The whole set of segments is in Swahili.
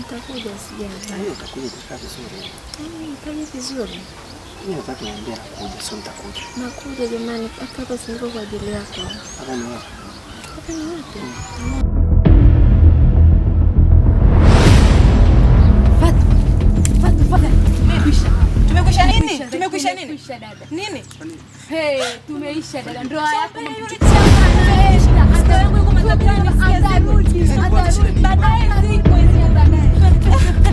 Nitakuja sijana. Utakuja utakaa vizuri. Nitakuja vizuri. Mimi nataka niambia nakuja, sio nitakuja. Nakuja jamani, hata hapa sindiko kwa ajili yako. Hapa ni wapi? Hapa ni wapi? Mm. Tumekwisha nini? Tumekwisha nini? Tumekwisha dada. Nini? Hey, tumeisha dada. Ndoa yako ndio atarudi. Atarudi baadaye.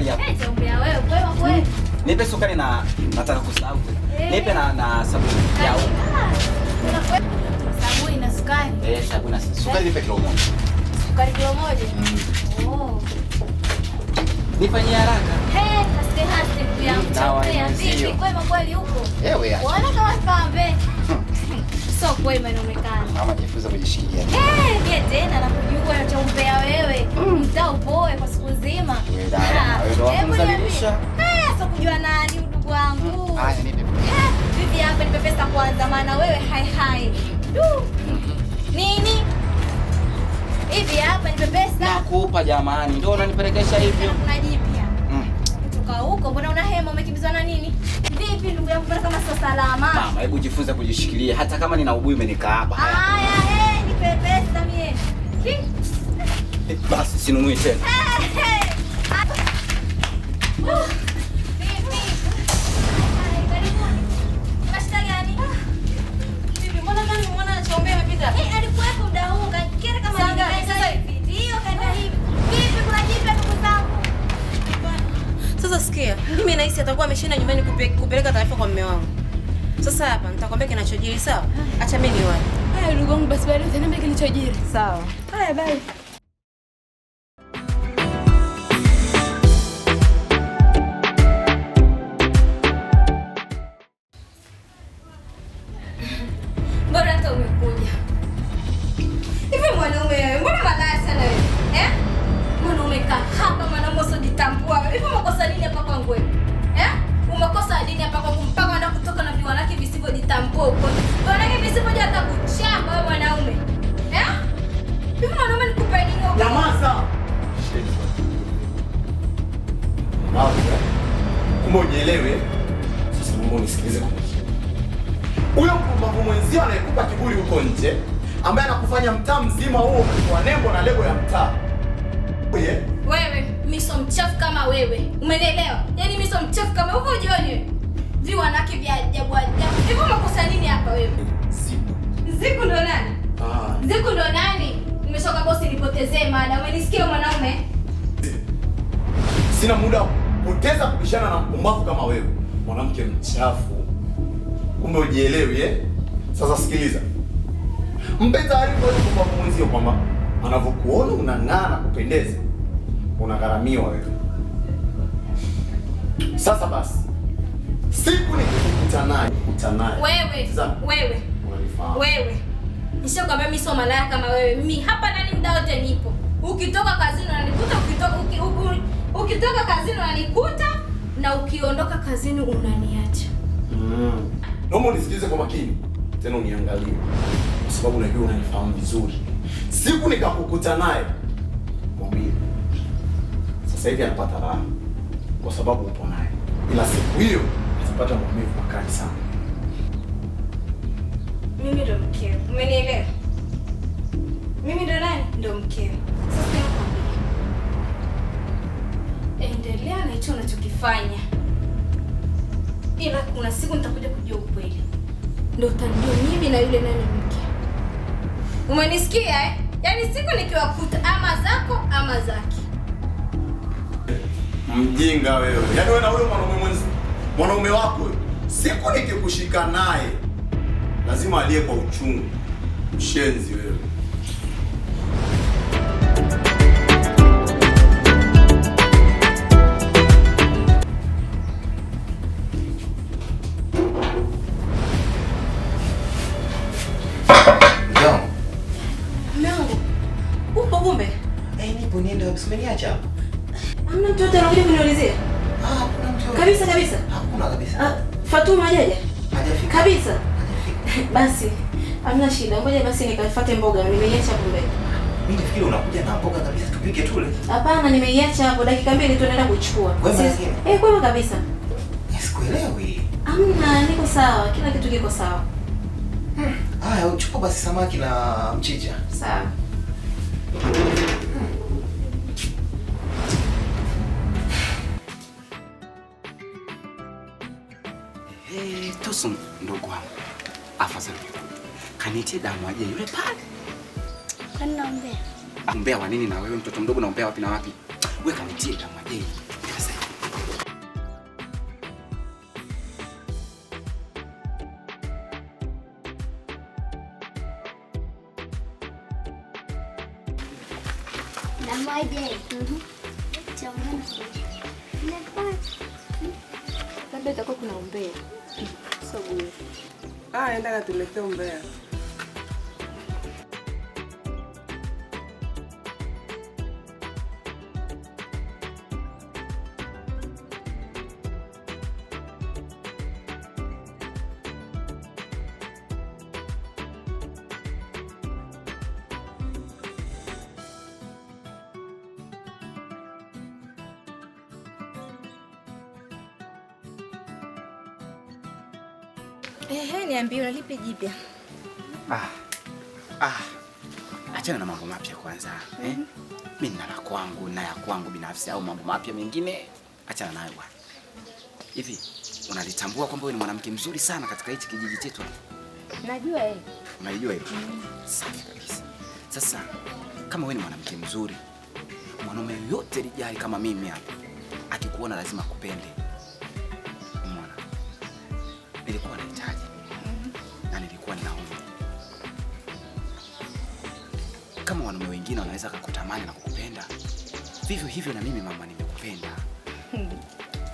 sukari hapo. Eh, hmm. Nipe sukari na nataka kusahau. Eh. Nipe na na sabuni ya unga. Sabuni na sukari. Eh, sabuni na sukari Sukari nipe kilo moja. Sukari kilo moja. Hmm. Oh. Nifanyie haraka. Eh, haste haste kwa yangu. Kwa hivyo kweli huko. Ewe ya. Wana kama kambe. Hmm. So kwa hivyo inaonekana. Mama jifunza kujishikilia. Eh, kukujulisha. Eh, sio kujua nani udugu wangu. Ah, haya nipe. Eh, vipi hapa nipe pesa kwanza maana wewe hai hai. Du. Mhm. Nini? Hivi hapa nipe pesa. Nakupa jamani. Ndio unanipelekesha hivyo. Kuna jipya. Mm. Kutoka huko mbona una hema umekimbizwa na nini? Vipi ndugu yangu kama sio salama? Mama, hebu jifunze kujishikilia hata kama nina ubuyu umenika hapa. Haya, eh, nipe pesa mie. Eh, basi sinunui tena. Eh, sasa sikia, mimi nahisi atakuwa ameshinda nyumbani kupeleka taarifa kwa mume wangu. Sasa hapa nitakwambia kinachojiri, sawa? Acha mimi nione. Haya, ndugu wangu, basi baadaye utaniambia kilichojiri. Sawa. Haya, bye. monyelewe. Sasa naomba unisikilize kwa makini. Huyo mpumbavu mwenzio anayekupa kiburi huko nje, ambaye anakufanya mtaa mzima huo kwa nembo na lebo ya mtaa wewe, miso mchafu kama wewe, umenielewa? Yaani miso mchafu kama huko jioni. Vi wanawake vya ajabu ajabu hivyo, makosa nini hapa wewe? Ziku, Ziku ndo nani? Ah, Ziku ndo nani? Nimeshoka bosi, nipotezee mada. Umenisikia mwanaume? Sina muda wa kupoteza kupishana na mpumbavu kama wewe, mwanamke mchafu. Kumbe ujielewi eh? Sasa sikiliza, mpe taarifa wewe kwa mwenzio kwamba anavyokuona unang'aa na kupendeza unagharamiwa wewe. Sasa basi, siku nikikukuta naye wewe wewe wewe nishakwambia mimi sio malaya kama wewe. Mimi hapa ndani muda wote nipo, ukitoka kazini unanikuta, ukitoka Ukitoka kazini unanikuta na ukiondoka kazini unaniacha. Mm. Naomba unisikilize kwa makini tena uniangalie, kwa sababu najua unanifahamu vizuri. Siku nikakukuta naye, mwambie sasa hivi anapata raha kwa sababu upo naye, ila siku hiyo atapata maumivu makali sana. Mimi ndo mkeo, umenielewa? Mimi ndo nani? Ndo mkeo endelea na hicho unachokifanya, ila kuna siku nitakuja kujua ukweli, ndio utajua mimi na yule nani mke. Umenisikia eh? Yaani siku nikiwakuta ama zako ama zake. Mjinga wewe, yaani wewe na huyo mwanaume mwenzi mwanaume wako, siku nikikushika naye lazima aliye kwa uchungu. Mshenzi wewe. Umeniacha hapo. Hamna mtu yote anakuja kuniulizia. Ah, hakuna mtu. Kabisa kabisa. Hakuna kabisa. Ah, Fatuma hajaja? Hajafika. Kabisa. Hajafika. Basi. Hamna shida. Ngoja basi nikafuate mboga. Nimeiacha kumbe. Mimi nafikiri unakuja na mboga kabisa tupike tule. Hapana, nimeiacha hapo. Dakika mbili tu naenda kuchukua. Eh, kwema kabisa. Nisikuelewi. Hamna, niko sawa. Kila kitu kiko sawa. Hmm. Haya, uchukua basi samaki na mchicha. Sawa. Samson, ndugu wangu, afadhali kanitie damu aje yule pale. Kwani naombea? wa nini na wewe mtoto mdogo, naombea wapi na wapi? Wewe kanitie damu aje. itakuwa kuna umbea. Sio bure. Ah, enda katuletea umbea. Ehe, niambie unalipi jipya? Ah. Ah. Achana na mambo mapya kwanza. Mm -hmm. Eh? Mimi mhm. nina la kwangu na ya kwangu binafsi au mambo mapya mengine achana nayo bwana. Hivi unalitambua kwamba wewe ni mwanamke mzuri sana katika hichi kijiji chetu? Najua eh. Unajua hiyo? Mm. Safi kabisa. Sasa kama wewe ni mwanamke mzuri, mwanaume yote lijali kama mimi hapa akikuona lazima kupende. Umeona? Nilikuwa wanaume wengine wanaweza kukutamani na kukupenda. Vivyo hivyo na mimi mama, nimekupenda hmm.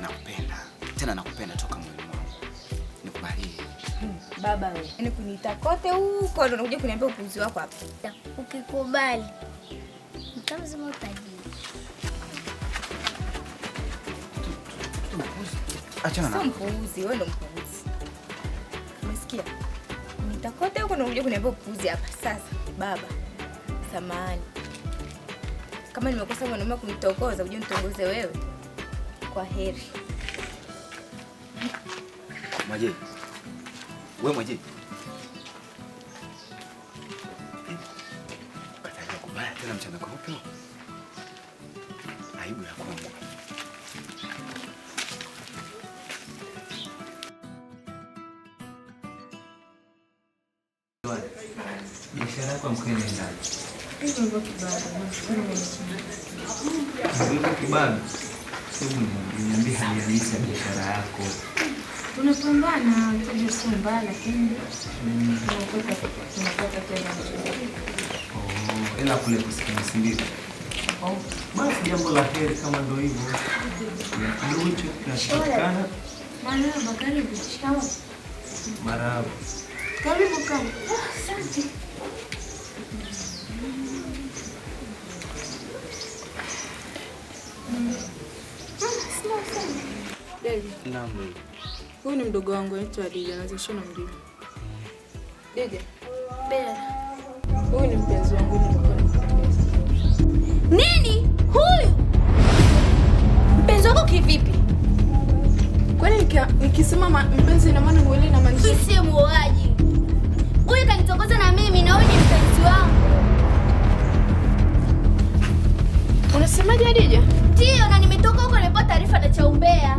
Nakupenda tena, nakupenda toka moyoni mwangu, nikubalie hmm. Baba we, yani kuniita kote huko ndo unakuja kuniambia upuzi wako hapa. Ukikubali mtamzima utajiri. Achana na mpuzi, wewe ndo mpuzi, umesikia? Nitakote huko ndo unakuja kuniambia upuzi hapa. Sasa baba samahani. Kama nimekosa mwanaume kunitokoza, uje nitogoze wewe. Kwa heri. Mwaje. Wewe Mwaje. Katalia kubaya tena mchana kweupe. Aibu ya kwangu. Biashara yako mkwene ndani. Hivyo kibanda hebu niambie hali halisi ya biashara yako. Tunapambana tena, mbaya, lakini oh, ila kule kusikana, si Basi jambo la heri, kama ndo hivyo kidogo hicho Marahaba, karibu. Marahaba, karibu. Ah, asante. David. Naam. Huyu ni mdogo wangu anaitwa Dija, anazishwa na mjini. Dija. Bella. Huyu ni mpenzi wangu ni nini? Huyu mpenzi wako kivipi? Kwani nikisema mpenzi ina maana mwili na maana si muoaji. Huyu kanitongoza na mimi na wewe ni mpenzi wangu. Unasemaje Adija? Ndio, na nimetoka huko nilipata taarifa na chaumbea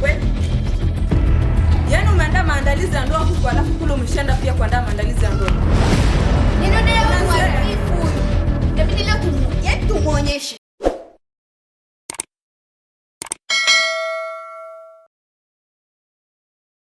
maandalizi ya ndoa huko, alafu kule umeshaenda pia kuandaa maandalizi ya ndoa. Ninaendelea kumwarifu. Itabidi leo yaani tumuonyeshe.